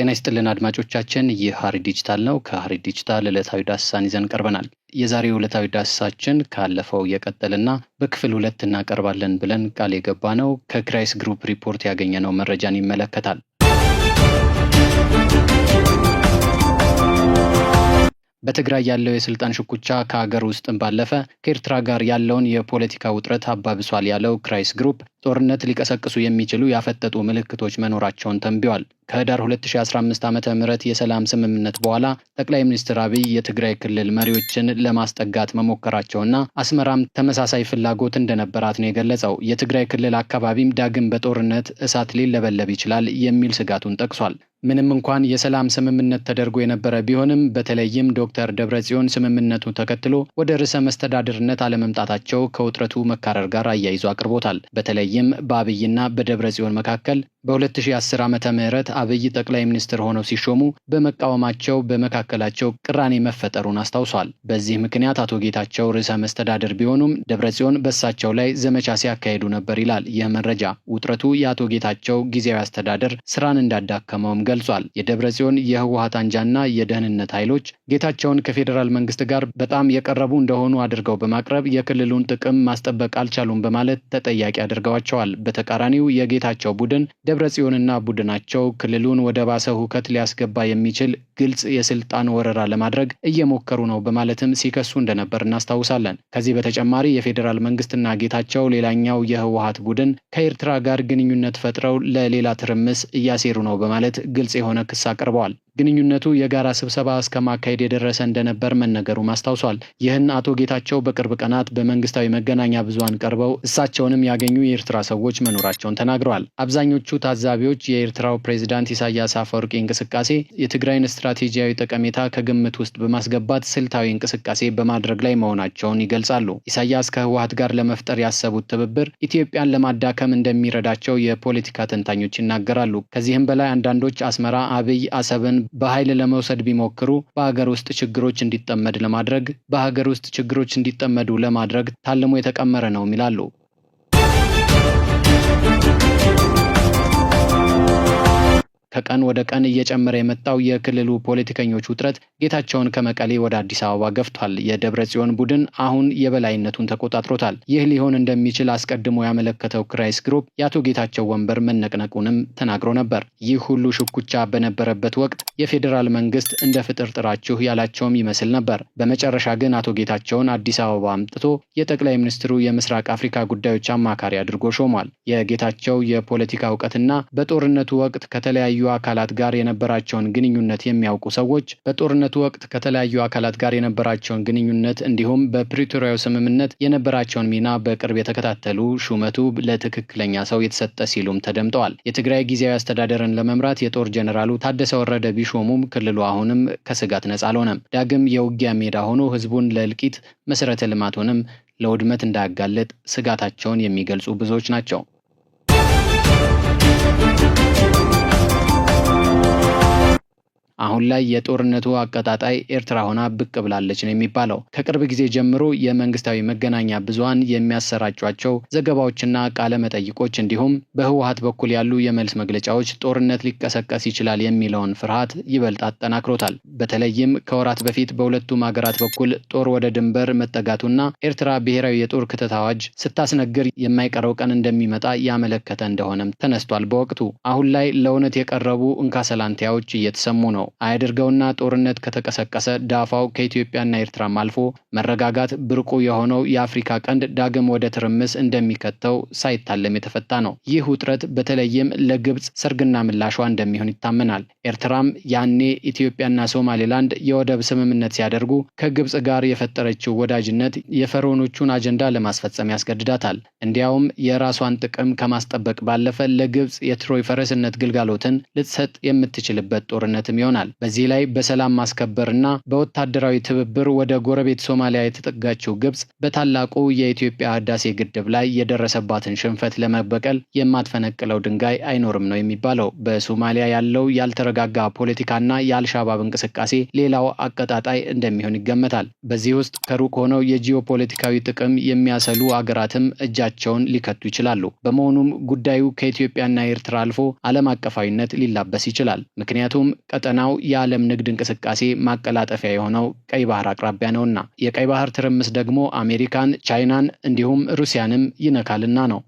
ጤና ይስጥልን አድማጮቻችን፣ ይህ ሐረሪ ዲጂታል ነው። ከሐረሪ ዲጂታል ዕለታዊ ዳሰሳን ይዘን ቀርበናል። የዛሬው ዕለታዊ ዳሰሳችን ካለፈው የቀጠልና በክፍል ሁለት እናቀርባለን ብለን ቃል የገባ ነው ከክራይስ ግሩፕ ሪፖርት ያገኘነው መረጃን ይመለከታል። በትግራይ ያለው የስልጣን ሽኩቻ ከሀገር ውስጥም ባለፈ ከኤርትራ ጋር ያለውን የፖለቲካ ውጥረት አባብሷል ያለው ክራይስ ግሩፕ ጦርነት ሊቀሰቅሱ የሚችሉ ያፈጠጡ ምልክቶች መኖራቸውን ተንቢዋል። ከህዳር 2015 ዓ ም የሰላም ስምምነት በኋላ ጠቅላይ ሚኒስትር አብይ የትግራይ ክልል መሪዎችን ለማስጠጋት መሞከራቸውና አስመራም ተመሳሳይ ፍላጎት እንደነበራት ነው የገለጸው። የትግራይ ክልል አካባቢም ዳግም በጦርነት እሳት ሊለበለብ ይችላል የሚል ስጋቱን ጠቅሷል። ምንም እንኳን የሰላም ስምምነት ተደርጎ የነበረ ቢሆንም በተለይም ዶክተር ደብረጽዮን ስምምነቱ ተከትሎ ወደ ርዕሰ መስተዳድርነት አለመምጣታቸው ከውጥረቱ መካረር ጋር አያይዞ አቅርቦታል። በተለይ በተለይም በአብይና በደብረ ጽዮን መካከል በ2010 ዓ ም አብይ ጠቅላይ ሚኒስትር ሆነው ሲሾሙ በመቃወማቸው በመካከላቸው ቅራኔ መፈጠሩን አስታውሷል። በዚህ ምክንያት አቶ ጌታቸው ርዕሰ መስተዳደር ቢሆኑም ደብረጽዮን በሳቸው ላይ ዘመቻ ሲያካሂዱ ነበር ይላል ይህ መረጃ። ውጥረቱ የአቶ ጌታቸው ጊዜያዊ አስተዳደር ስራን እንዳዳከመውም ገልጿል። የደብረጽዮን የህወሀት አንጃና የደህንነት ኃይሎች ጌታቸውን ከፌዴራል መንግስት ጋር በጣም የቀረቡ እንደሆኑ አድርገው በማቅረብ የክልሉን ጥቅም ማስጠበቅ አልቻሉም በማለት ተጠያቂ አድርገዋቸዋል። በተቃራኒው የጌታቸው ቡድን ደብረ ጽዮንና ቡድናቸው ክልሉን ወደ ባሰ ሁከት ሊያስገባ የሚችል ግልጽ የስልጣን ወረራ ለማድረግ እየሞከሩ ነው በማለትም ሲከሱ እንደነበር እናስታውሳለን። ከዚህ በተጨማሪ የፌዴራል መንግስትና ጌታቸው ሌላኛው የህወሀት ቡድን ከኤርትራ ጋር ግንኙነት ፈጥረው ለሌላ ትርምስ እያሴሩ ነው በማለት ግልጽ የሆነ ክስ አቅርበዋል። ግንኙነቱ የጋራ ስብሰባ እስከ ማካሄድ የደረሰ እንደነበር መነገሩም አስታውሷል። ይህን አቶ ጌታቸው በቅርብ ቀናት በመንግስታዊ መገናኛ ብዙሃን ቀርበው እሳቸውንም ያገኙ የኤርትራ ሰዎች መኖራቸውን ተናግረዋል። አብዛኞቹ ታዛቢዎች የኤርትራው ፕሬዚዳንት ኢሳያስ አፈወርቂ እንቅስቃሴ የትግራይን ስትራቴጂያዊ ጠቀሜታ ከግምት ውስጥ በማስገባት ስልታዊ እንቅስቃሴ በማድረግ ላይ መሆናቸውን ይገልጻሉ። ኢሳያስ ከህወሀት ጋር ለመፍጠር ያሰቡት ትብብር ኢትዮጵያን ለማዳከም እንደሚረዳቸው የፖለቲካ ተንታኞች ይናገራሉ። ከዚህም በላይ አንዳንዶች አስመራ አብይ አሰብን በኃይል ለመውሰድ ቢሞክሩ በሀገር ውስጥ ችግሮች እንዲጠመድ ለማድረግ በሀገር ውስጥ ችግሮች እንዲጠመዱ ለማድረግ ታልሞ የተቀመረ ነውም ይላሉ። ከቀን ወደ ቀን እየጨመረ የመጣው የክልሉ ፖለቲከኞች ውጥረት ጌታቸውን ከመቀሌ ወደ አዲስ አበባ ገፍቷል። የደብረ ጽዮን ቡድን አሁን የበላይነቱን ተቆጣጥሮታል። ይህ ሊሆን እንደሚችል አስቀድሞ ያመለከተው ክራይስ ግሩፕ የአቶ ጌታቸው ወንበር መነቅነቁንም ተናግሮ ነበር። ይህ ሁሉ ሽኩቻ በነበረበት ወቅት የፌዴራል መንግስት እንደ ፍጥር ጥራችሁ ያላቸውም ይመስል ነበር። በመጨረሻ ግን አቶ ጌታቸውን አዲስ አበባ አምጥቶ የጠቅላይ ሚኒስትሩ የምስራቅ አፍሪካ ጉዳዮች አማካሪ አድርጎ ሾሟል። የጌታቸው የፖለቲካ እውቀትና በጦርነቱ ወቅት ከተለያዩ አካላት ጋር የነበራቸውን ግንኙነት የሚያውቁ ሰዎች በጦርነቱ ወቅት ከተለያዩ አካላት ጋር የነበራቸውን ግንኙነት እንዲሁም በፕሪቶሪያው ስምምነት የነበራቸውን ሚና በቅርብ የተከታተሉ ሹመቱ ለትክክለኛ ሰው የተሰጠ ሲሉም ተደምጠዋል። የትግራይ ጊዜያዊ አስተዳደርን ለመምራት የጦር ጀኔራሉ ታደሰ ወረደ ቢሾሙም ክልሉ አሁንም ከስጋት ነጻ አልሆነም። ዳግም የውጊያ ሜዳ ሆኖ ህዝቡን ለእልቂት መሰረተ ልማቱንም ለውድመት እንዳያጋለጥ ስጋታቸውን የሚገልጹ ብዙዎች ናቸው። አሁን ላይ የጦርነቱ አቀጣጣይ ኤርትራ ሆና ብቅ ብላለች ነው የሚባለው። ከቅርብ ጊዜ ጀምሮ የመንግስታዊ መገናኛ ብዙሃን የሚያሰራጯቸው ዘገባዎችና ቃለ መጠይቆች እንዲሁም በህወሀት በኩል ያሉ የመልስ መግለጫዎች ጦርነት ሊቀሰቀስ ይችላል የሚለውን ፍርሃት ይበልጥ አጠናክሮታል። በተለይም ከወራት በፊት በሁለቱም ሀገራት በኩል ጦር ወደ ድንበር መጠጋቱና ኤርትራ ብሔራዊ የጦር ክተት አዋጅ ስታስነግር የማይቀረው ቀን እንደሚመጣ ያመለከተ እንደሆነም ተነስቷል። በወቅቱ አሁን ላይ ለእውነት የቀረቡ እንካሰላንቲያዎች እየተሰሙ ነው። አያድርገውና ጦርነት ከተቀሰቀሰ ዳፋው ከኢትዮጵያና ኤርትራም አልፎ መረጋጋት ብርቁ የሆነው የአፍሪካ ቀንድ ዳግም ወደ ትርምስ እንደሚከተው ሳይታለም የተፈታ ነው። ይህ ውጥረት በተለይም ለግብፅ ሰርግና ምላሿ እንደሚሆን ይታመናል። ኤርትራም ያኔ ኢትዮጵያና ሶማሌላንድ የወደብ ስምምነት ሲያደርጉ ከግብፅ ጋር የፈጠረችው ወዳጅነት የፈርዖኖቹን አጀንዳ ለማስፈጸም ያስገድዳታል። እንዲያውም የራሷን ጥቅም ከማስጠበቅ ባለፈ ለግብፅ የትሮይ ፈረስነት ግልጋሎትን ልትሰጥ የምትችልበት ጦርነትም ይሆናል። ይሆናል። በዚህ ላይ በሰላም ማስከበርና በወታደራዊ ትብብር ወደ ጎረቤት ሶማሊያ የተጠጋችው ግብጽ በታላቁ የኢትዮጵያ ህዳሴ ግድብ ላይ የደረሰባትን ሽንፈት ለመበቀል የማትፈነቅለው ድንጋይ አይኖርም ነው የሚባለው። በሶማሊያ ያለው ያልተረጋጋ ፖለቲካና የአልሻባብ እንቅስቃሴ ሌላው አቀጣጣይ እንደሚሆን ይገመታል። በዚህ ውስጥ ከሩቅ ሆነው የጂኦ ፖለቲካዊ ጥቅም የሚያሰሉ አገራትም እጃቸውን ሊከቱ ይችላሉ። በመሆኑም ጉዳዩ ከኢትዮጵያና ኤርትራ አልፎ ዓለም አቀፋዊነት ሊላበስ ይችላል። ምክንያቱም ቀጠናው ዋናው የዓለም ንግድ እንቅስቃሴ ማቀላጠፊያ የሆነው ቀይ ባህር አቅራቢያ ነውና የቀይ ባህር ትርምስ ደግሞ አሜሪካን፣ ቻይናን እንዲሁም ሩሲያንም ይነካልና ነው።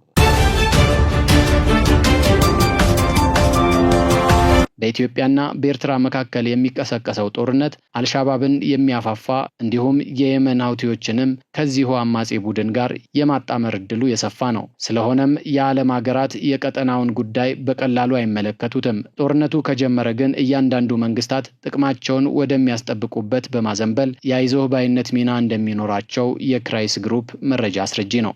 በኢትዮጵያና በኤርትራ መካከል የሚቀሰቀሰው ጦርነት አልሻባብን የሚያፋፋ እንዲሁም የየመን ሀውቲዎችንም ከዚሁ አማጺ ቡድን ጋር የማጣመር እድሉ የሰፋ ነው። ስለሆነም የዓለም ሀገራት የቀጠናውን ጉዳይ በቀላሉ አይመለከቱትም። ጦርነቱ ከጀመረ ግን እያንዳንዱ መንግስታት ጥቅማቸውን ወደሚያስጠብቁበት በማዘንበል የአይዞህ ባይነት ሚና እንደሚኖራቸው የክራይስ ግሩፕ መረጃ አስረጂ ነው።